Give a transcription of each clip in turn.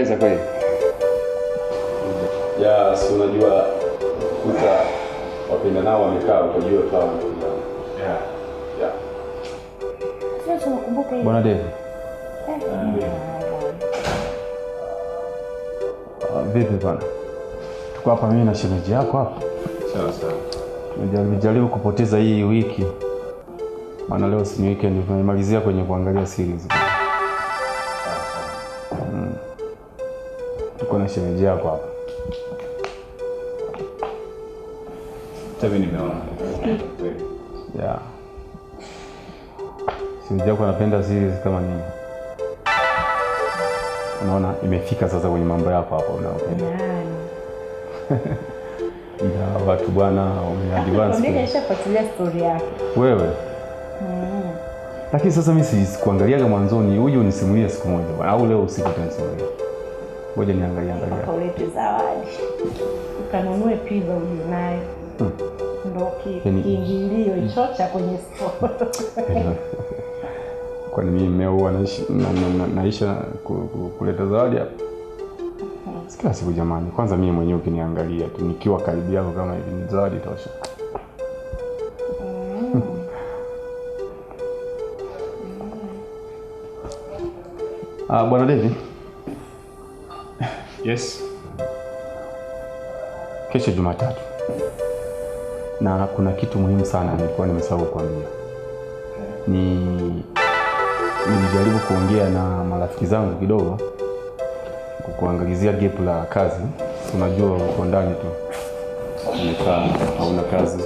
inapendeza kweli. Ya, si unajua kuta wapenda nao wamekaa utajua kama yeah. Yeah. Sasa tunakumbuka Bwana Dave. Eh. Ah, vipi bwana? Tuko hapa mimi na shemeji yako hapa. Sawa sawa. Tumejaribu kupoteza hii wiki. Maana leo si weekend, tumemalizia kwenye kuangalia series. nione shemeji yako hapa. Tavi nimeona. Ya. Shemeji yako anapenda series kama nini? Unaona imefika sasa kwenye mambo yako hapa unayopenda. Ya watu bwana wameadvance. story yako. Wewe? Mm. Lakini sasa mimi sikuangaliaga mwanzoni, huyu unisimulia siku moja bwana au leo usiku tunisimulia. Ngoja niangalie angalia. Akalete zawadi. Ukanunue pizza uje naye. Ndio kiingilio hicho cha kwenye store. Kwani mimi mmeo huwa na, naisha kuleta zawadi hapa? Okay. Hmm. Kila siku jamani, kwanza mimi mwenyewe ukiniangalia tu nikiwa karibu yako kama hivi ni zawadi tosha. Hmm. Ah, Bwana David. Yes, kesho Jumatatu, na kuna kitu muhimu sana nilikuwa nimesahau kuambia. Ni nilijaribu kuongea na marafiki zangu kidogo kukuangalizia gap la kazi. Unajua uko ndani tu umekaa hauna kazi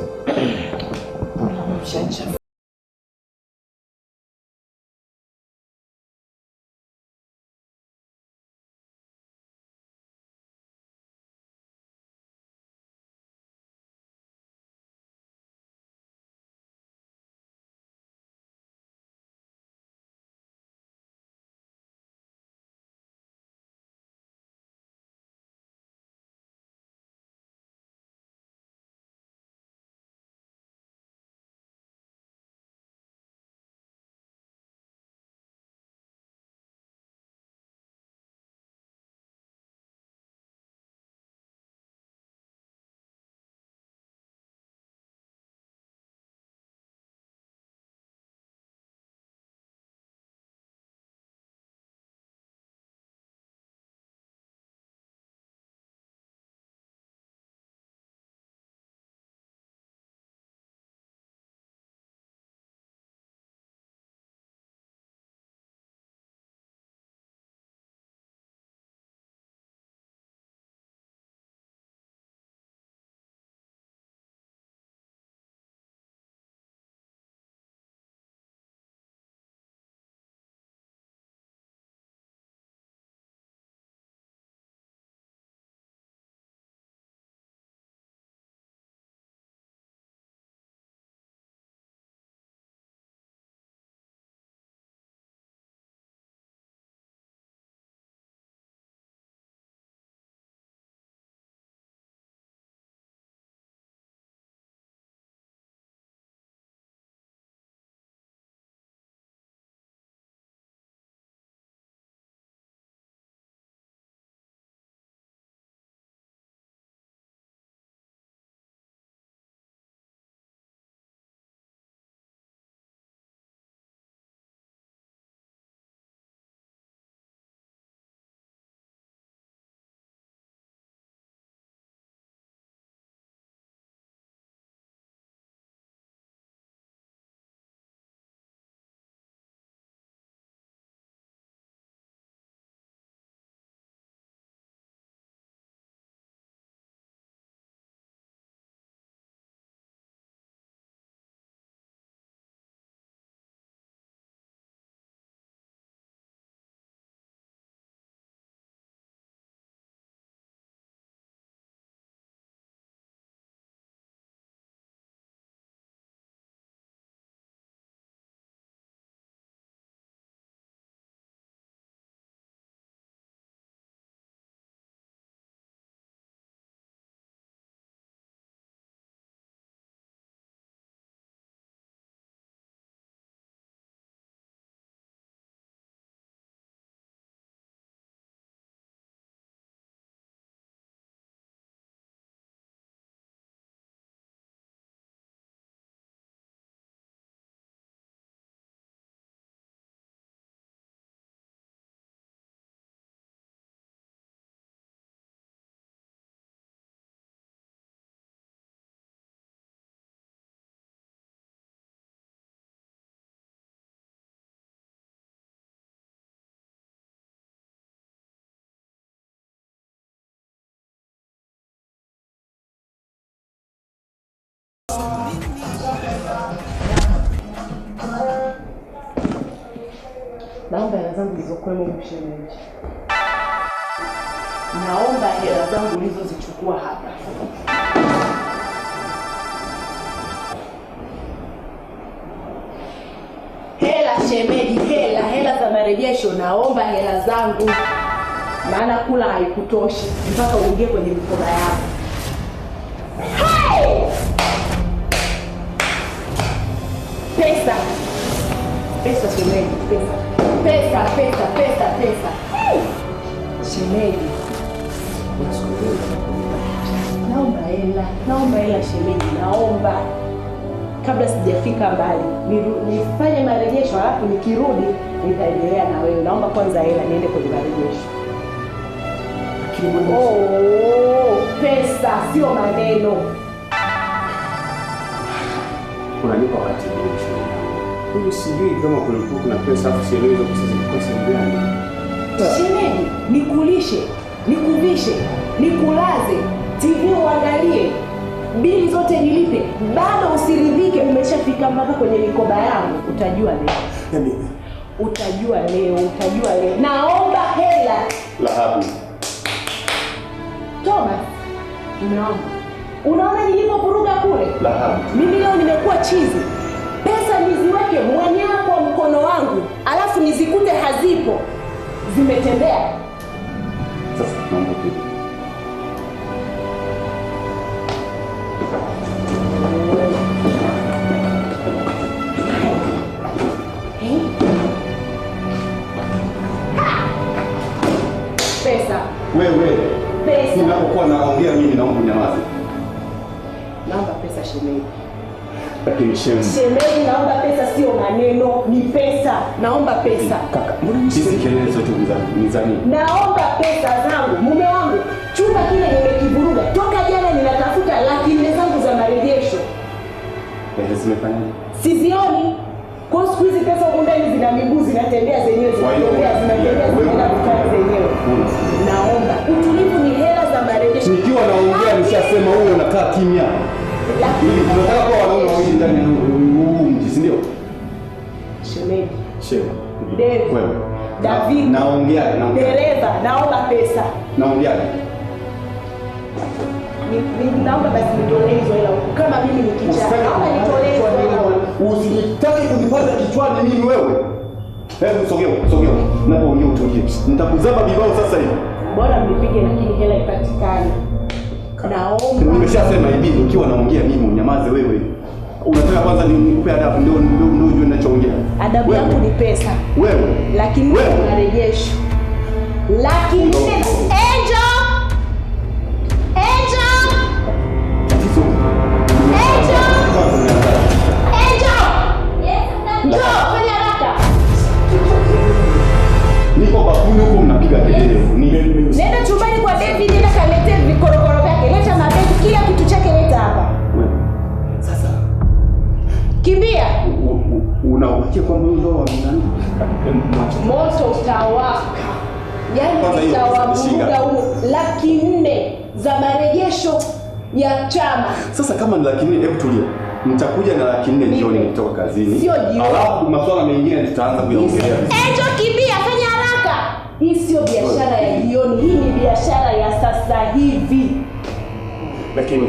Naomba hela zangu zilizokuwemo mshemeji, naomba hela zangu ulizozichukua hapa. Hela shemeji, hela hela za marejesho, naomba hela zangu, maana kula haikutoshi mpaka uingie kwenye mikoba yako. Pesa pesa shemeji, pesa Pesa, pesa, pesa, pesa. Shemeji. Naomba hela, naomba hela shemeji, naomba kabla sijafika mbali nifanye marejesho, halafu nikirudi nitaendelea na wewe. Naomba kwanza hela niende kwenye marejesho. Oh, pesa sio maneno. Unanipa wakati mwingi. Huyu sijui kama kulikuwa kuna pesa afu sielewezo pesa zilikuwa gani. Shemeji, nikulishe, nikuvishe, nikulaze, TV uangalie, bili zote nilipe, bado usiridhike. Umeshafika mpaka kwenye mikoba yangu. Utajua leo, yaani utajua leo, utajua leo. Naomba hela lahabu. Thomas, unaona, unaona nilipopuruka kule lahabu. Mimi leo nimekuwa chizi niziweke mwenyewe kwa mkono wangu, alafu nizikute hazipo, zimetembea. Sasa naomba wewe pesa. naongea mimi naomba unyamaze. Naomba pesa shemeji. Shemeji, naomba pesa, sio maneno, ni pesa. Naomba pesa. Kaka, hizi kelele zote ni za nini? Naomba pesa zangu, mume wangu. Chumba kile nimekivuruga toka jana, ninatafuta laki nne zangu za marejesho. Zimefanyaje? Sizioni. Kwa siku hizi pesa huko ndani zina miguu, zinatembea zenyewe, zinatembea zenyewe. Naomba utulivu, ni hela za marejesho. Nikiwa naongea nishasema, huyo unakaa kimya. Lakini tunataka kuwa wanaume wawili ndani ya huu mji, si ndio? Shemeji. Naongea. Dereva, naomba pesa. Naongea. Usitaki kunipata kichwani mimi wewe. Hebu sogea, sogea. Napoongea utulie. Nitakuzaba vibao sasa hivi. Bora mnipige lakini hela ipatikane. Naomba. Nimeshasema hivi nikiwa naongea mimi unyamaze wewe. Unataka kwanza nikupe adabu ndio ndio unajua ninachoongea. Adabu yangu ni pesa. Wewe. Lakini marejesho. Laki nne moto utawaka, yani utawavuruga huo. Laki nne za marejesho ya chama. Sasa kama ni laki nne, hebu tulia mtakuja na laki nne jioni kutoka kazini, sio jioni, alafu masuala mengine tutaanza kuyaongelea. Ejo eh, kibia, fanya haraka. Hii sio biashara ya jioni, hii ni biashara ya sasa hivi. Lakini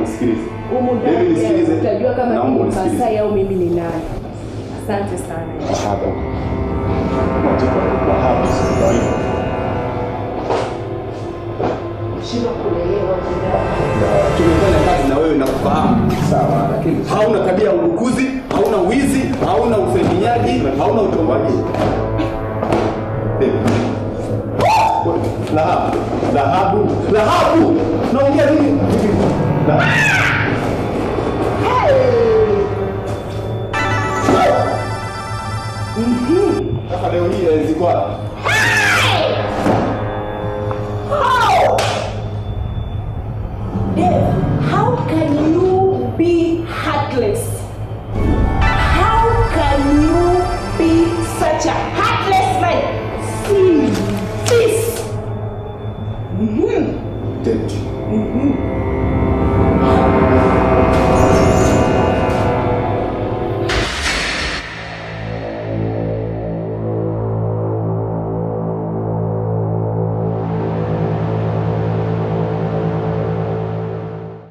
nisikilize, utajua kama ni Masai au mimi ni nani. Asante sana. hauna tabia ya udukuzi, hauna wizi, hauna ufeminyaji hauna utombaji. Lahabu, lahabu, lahabu! Naongea nini?